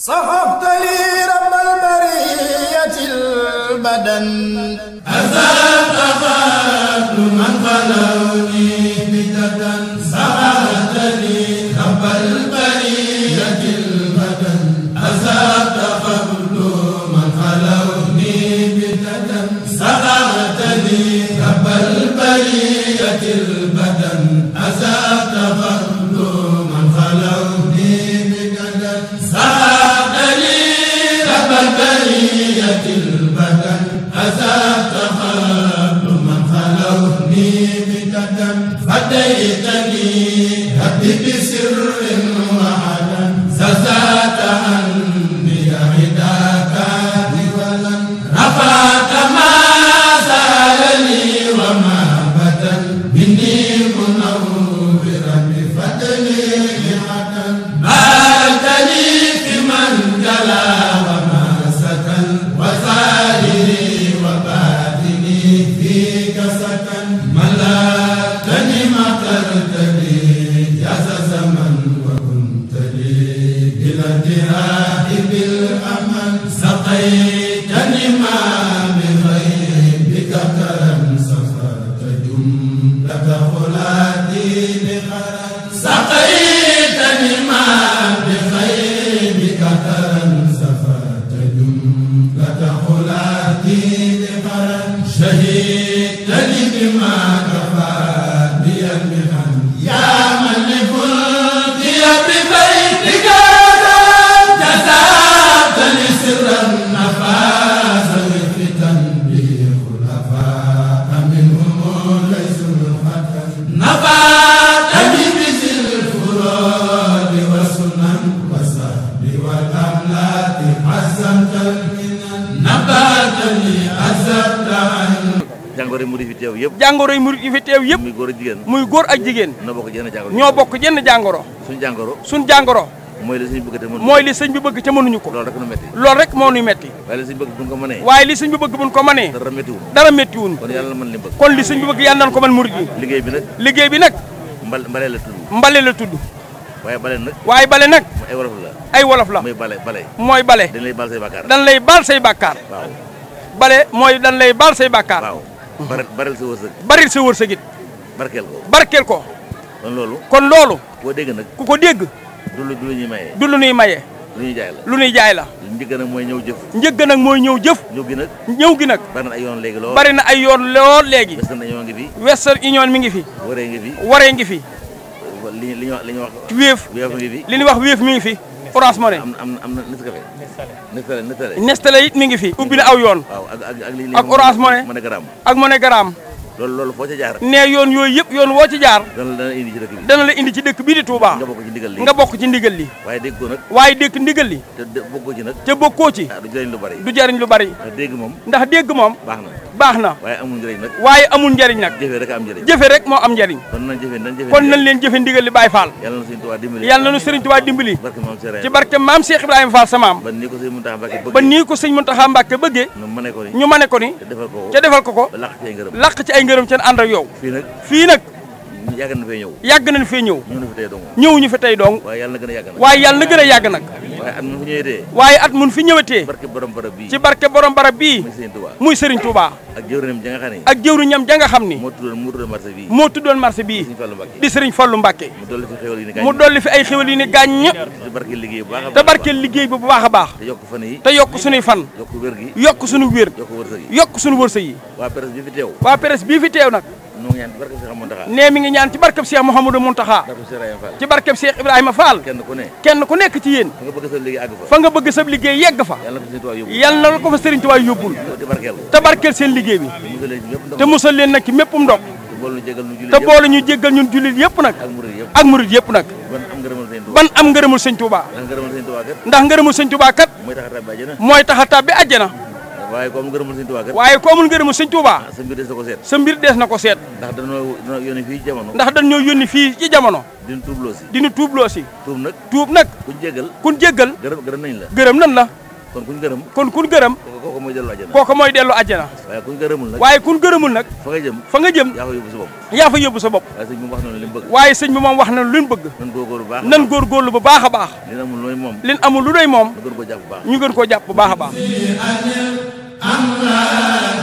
صحفت لي رب البرية البدن أزال أخاف من خلوني بددا صحفت لي رب البرية البدن أزال أخاف من خلوني بددا صحفت لي رب البرية البدن أزال أخاف is tey jàngoro yi murid yëpp jàngoro yi yëpp muy góor ak muy góor ak jigéen ñoo bokk jenn bokk jenn jàngoro suñ jàngoro suñ jàngoro mooy li sëñ bëgg te mooy li sëñ bi bëgg te mënuñu ko loolu rek nu metti loolu rek moo nuy metti waaye li sëñ bi bëgg buñ ko mënee waaye li sëñ bi bëgg buñ ko mënee dara mettiwul dara mettiwul kon yàlla mën li bëgg kon li sëñ bi bëgg yàlla ko mën murid yi liggéey bi nag liggéey bi nag mbal la tudd mbale la tudd waaye bale nag waaye bale nag ay wolof la ay wolof la mooy bale bale mooy bale dañ lay baal say bàkkaar dañ lay baal say bàkkaar waaw bale mooy dañ lay baal say bàkkaar baral sa wërsëg. baril sa wërsëg it. barkeel ko barkeel ko. kon loolu. kon loolu. koo dégg nag ku ko dégg. du lu du ñuy maye. du lu ñuy lu ñuy jaay la lu ñuy jaay la. njëgg nag mooy ñëw jëf. njëgg nag mooy ñëw jëf. ñëw gi nag. ñëw gi nag. bari na ay yoon léegi lool bari na ay yoon lool léegi. Western Union ngi fi. Western Union mi ngi fi. waree ngi fi waree ngi fi. li ñu li ñu wax. wéef li ñu wax wéef mi ngi fi. Orange Money. am am na Nescafé. Nescafé Nescafé. Nescafé it mi ngi fi. ubbi aw yoon. waaw ak ak ak lii ak Orange Money ak MoneyGram. loolu loolu foo ca jaar. nee yoon yooy yëpp yoon woo ci jaar. dana la indi ci dëkk bi indi ci dëkk bii di Touba. nga bokk ci li nga bokk ci ndigal li. waaye dégg ko waaye dégg ndigal li. te bokkoo ci nag. te bokkoo ci. Ah, du jariñ lu bari. du jariñ lu bari. ndax dégg moom. ndax dégg moom. baax na. baax na waaye amul njëriñ nag waaye rek am njëriñ jëfe rek moo am njëriñ kon nañ leen jëfe ndigal li Baye Fall yàlla na ñu Serigne Touba dimbali ci barke maam Cheikh Ibrahima Fall sa maam ba nii ko Serigne Mountakha Mbacké bëggee ñu mane ko ni te defal ko ko làq ci ay ngërëm ci ànd ak yow fii nag yàgg nañ fee ñëw yàgg nañ fee ñëw ñëw ñu fi tey dong ñëw waaye yàlla na gën a yàgg nag waaye a yàgg nag waaye at mun fi ñëwetee waaye at mun fi ñëwetee barke borom ci barke borom barab bii muy Serigne Touba ak jëwriñam ja nga xam ni moo tuddoon moo tuddoon marché bii moo tuddoon marché bii di Serigne Fallou Mbacké mu dolli fi ay xéwal yu ni gàññ te barke liggéey bi bu baax a baax te yokk fan yi te yokk suñuy fan yokk wér yokk suñu wér yokk suñu wërsëg yi waa presse bi fi teew waa presse bii fi teew nag nee mi ngi ñaan ci barkeb Cheikh Mouhamadou Mountakha ci barkeb Cheikh Ibrahima Fall kenn ku nekk ci yéen fa nga bëgg sab liggéey yegg fa yal na la ko fa Serigne Touba yóbbul te barkeel seen liggéey bi te musal leen nag ci méppum ndox te boole ñu jéggal ñun jullit yëpp nag ak murit yëpp nag ban am ngërëmul Serigne Touba ndax ngërëmul Serigne Touba kat mooy tax a tàbbi àjjana waaye ko amul ngërëmul sëñ Touba waaye ko amul Touba ah, sa mbir des na ko sa mbir des na ko ndax dañu dañoo yónni fii jamono ndax dañoo yoni fi ci jamono dinu tuubloo si dinu tuubloo si tuub nag tuub nag kuñ jéggal kuñ jéggal gërëm gërëm nañ la gërëm la kon kuñ gërëm kon kuñ gërëm kooku mooy dellu àjjana kooku mooy dellu àjjana waaye kuñ gërëmul nag waaye kuñ gërëmul nag fa nga jëm fa nga jëm yaa fa yóbbu sa bopp fa sa wax na lu bëgg wax na lu bëgg nan baax nan bu baax baax lin amul lu doy lin amul lu doy moom ñu gën baax Allah